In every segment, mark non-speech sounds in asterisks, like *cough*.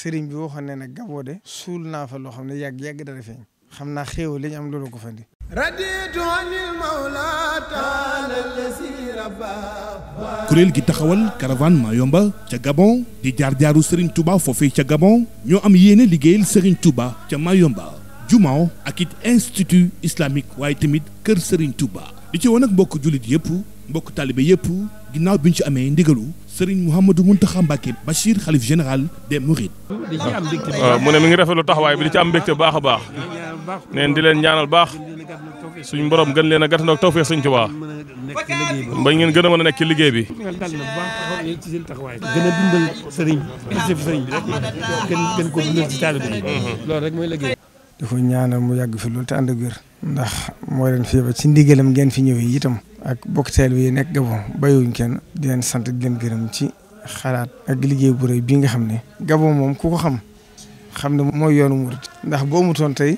sëriñ bi xam ne nag Gabon de suul naa fa loo xam ne yàgg yàgg dara feeñ xam naa xéew li ñu am loolu ko fandi raditu kuréel gi taxawal caravane Mayomba ca Gabon di jaar-jaaru Serigne Touba foofee ca Gabon ñoo am yéene liggéeyal Serigne Touba ca Mayomba jumaaw ak it institut islamique waaye tamit kër Serigne Touba li ci won ak mbokk jullit yépp mbokk taalibe yépp ginnaaw bi ñu ci amee ndigalu Serigne Mouhamadou Mountakha Mbacké Bachir xalif général des Mourides. mu ne mi ngi rafetlu taxawaay bi di ci am mbégte bu baax a baax. neen di leen ñaanal baax. suñu borom gën leen a gàttandoo ak tawfeex Sëriñ Tuubaa. ba ngeen gën a mën a nekk liggéey bi. gën a dundal sëriñ bi gën ko dundal ci taalibe yi. Mhm. loolu rek mooy liggéey. di ko ñaanal mu yàgg fi loolu te ànd ak ndax moo leen fi ba ci ndigalam ngeen fi ñëwee itam ak bokkiteel bi nekk Gabon bàyyiwuñ kenn di leen sant di leen gërëm ci xalaat ak liggéey bu rëy bii nga xam ne Gabon moom ku ko xam xam ne mooy yoonu murit ndax boo mutoon tey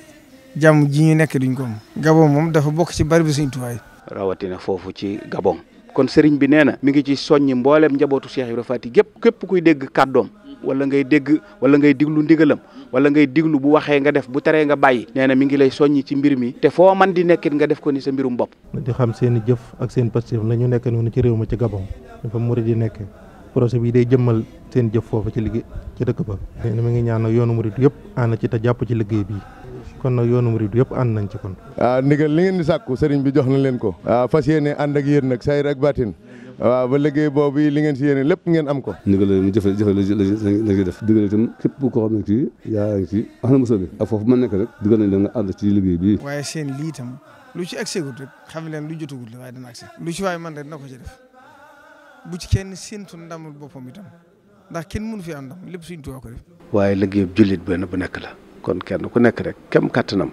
jàmm ji ñu nekk duñ ko am Gabon moom dafa bokk ci bari bi suñ tuwaay rawatina foofu ci Gabon kon sëriñ bi nee na mi ngi ci soññi mbooleem njabootu Cheikh Ibra Faty gépp képp kuy dégg kàddoom wala ngay dégg wala ngay diglu ndigalam wala ngay diglu bu waxee nga def bu teree nga bàyyi nee na mi ngi lay soññi ci mbir mi te foo man di nekkit nga def ko ni sa mbirum bopp di xam seen jëf ak seen pastif la ñu nekk noonu ci réew ma ci Gabon dafa murid yi nekk projet bi day jëmmal seen jëf foofa ci liggéey ci dëkk ba nee na mi ngi ñaan nag yoonu murid yëpp ànd ci te jàpp ci liggéey bi kon nag yoonu murid yëpp ànd nañ ci kon waaw ah, ndigal li sàkku sëriñ bi jox na leen ko waaw ah, fas yéene ànd ak yéen nag sayr ak baatin waaw ba liggéey boobu li ngeen si yéene lépp ngeen am ko ndigal mu jëfe jëfe la ñuy def digal itam képp koo xam ne ci yaa ngi ci wax na mosoo bi ak foofu mën nekk rek digal nañ la nga ànd bi waaye seen lii itam lu ci agsegut rek xam leen lu jotagut waaye dana agse lu ci waaye man rek na ko ci def bu ci kenn séentu ndamul boppam itam ndax kenn mënu fi am ndam lépp suñ tuwaa ko def waaye liggéey jullit benn bu nekk la kon kenn ku nekk rek kem kàttanam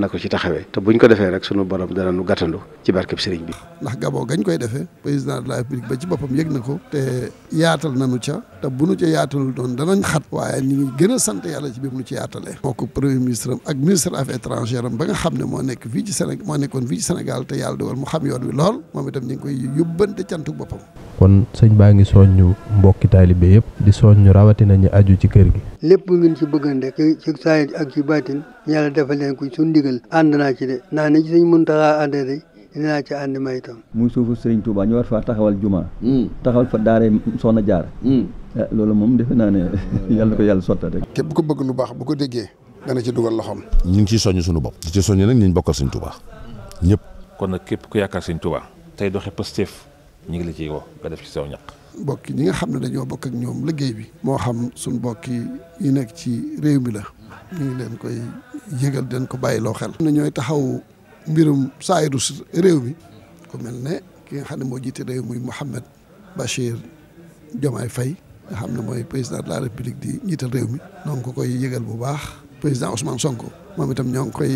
na ko ci taxawee te buñ ko defee rek sunu borom dana nu gàttandu ci barkeb sëriñ bi ndax gaboo gañ koy defee président de la république ba ci boppam yëg na ko te yaatal nañu ca te bu nu ca yaatalul doon danañ xat waaye ni ngi gën a sant yàlla ci bi mu nu ci yaatalee moo ko premier ministre ak ministre affaires étrangères am ba nga xam ne moo nekk fii ci Sénégal moo nekkoon fii ci Sénégal te yàlla dogal mu xam yoon wi lool moom itam ñu ngi koy yóbbante cantu boppam kon sëñ baa ngi soññu mbokki taalibe yëpp di soññu rawatina ñu aju ci kër gi lépp ngeen ci bëgg rek ci saayir ak ci baatin yàlla defal leen ko suñu ndigal ànd naa ci de ndax ni ci sëñ Muntaxa àndee de dinaa ci ànd may itam muy suufu sëriñ Touba ñu war faa taxawal juma hmm. taxawal fa daare soxna jaar hmm. eh, loolu moom defe naa ne *laughs* yàlla ko yàlla sotta rek képp ko bëgg lu baax bu ko déggee dana ci dugal loxoom ñu ngi ciy soññ suñu bopp di ci soññ nag ñu bokkal sëñ Touba ñëpp kon nag képp ku yaakaar sëñ Touba tey doxe Pastef ñu ngi la ciy woo def ci saw ñaq mbokk ñi nga xam ne dañoo bokk ak ñoom liggéey bi moo xam suñ mbokk yi nekk ci réew mi la ñu ngi leen koy yëgal den ko bàyyi loo xel na ñooy taxaw mbirum saayiru réew mi ko mel ne ki nga xam ne moo jiite réew muy Mouhamed Bachir Diomaye Faye nga xam ne mooy président de la république di jiital réew mi noo ngi ko koy yëgal bu baax président Ousmane Sonko moom itam ñoo ngi koy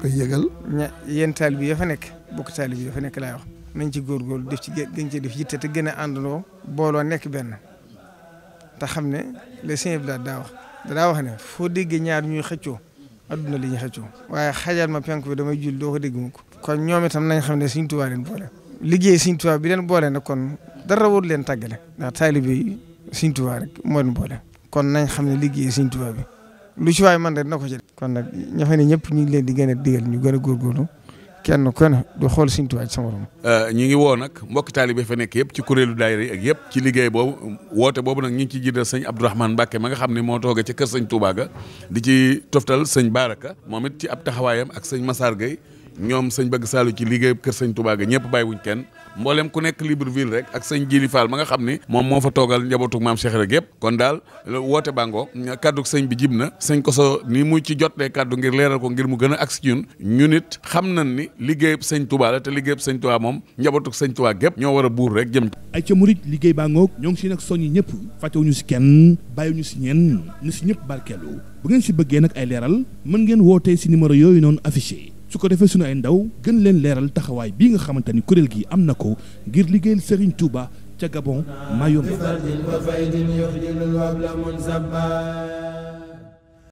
koy yëgal. ña yéen taalibe yi fa nekk bokk taalibe yi fa nekk laay wax. nañ ci góorgóorlu def ci gën ci def yitte te gën a booloo nekk benn te xam ne le Sëñ Abdou daa wax daa wax ne foo déggee ñaar ñuy xëccoo adduna li ñuy xëccoo waaye xajaat ma penk bi damay jul doo ko dégg ko kon ñoom itam nañ xam ne Sëñ Tuubaa leen boole liggéey Sëñ Tuubaa bi leen boole nag kon dara wut leen tàggale ndax taalibe yi rek moo leen boole kon nañ xam ne liggéey Sëñ bi lu ci waay man rek na ko ci kon nag ña fa ne ñëpp ñu ngi leen di gën a digal ñu gën a góorgóorlu kenn ku du xool Sëriñ Tuubaa ci sa morom. Euh, ñu ngi woo nag mbokki taalibe fa nekk yëpp ci kuréelu daayira yi ak yëpp ci liggéey boobu woote boobu nag ñu ngi ci jiital sëñ Abdourahmane Mbacke ma nga xam ne moo tooge ca kër sëñ Touba di ci toftal sëñ Baraka moom it ci ab taxawaayam ak sëñ Massar Gueye ñoom sëñ bëgg saalu ci liggéey kër sëñ Touba ga ñëpp bàyyi kenn mboolem ku nekk Libreville rek ak sëñ Jili Fall ma nga xam ni moom moo fa toogal njabootu maam Cheikh rek yëpp kon daal woote bango kaddu sëñ bi jib na sëñ koso ni mu ci jotlee kaddu ngir leeral ko ngir mu gën a agsi ñun it xam nañ ni liggéeyub sëñ Touba te liggéeyub sëñ Touba moom njabootu sëñ Touba gépp ñoo war a rek jëm ay ca liggéey bangoog ñoo ngi si nag soññi ñëpp fàttewuñu si kenn bàyyiwuñu si ñenn na si ñëpp barkeelu bu ngeen si bëggee nag ay leeral mën ngeen wootee si numéro yooyu noonu affiché su ko defee sunu ay ndaw gën leen leeral taxawaay bii nga xamante ni kuréel gi am na ko ngir liggéeyal Serigne Touba ca Gabon Mayumba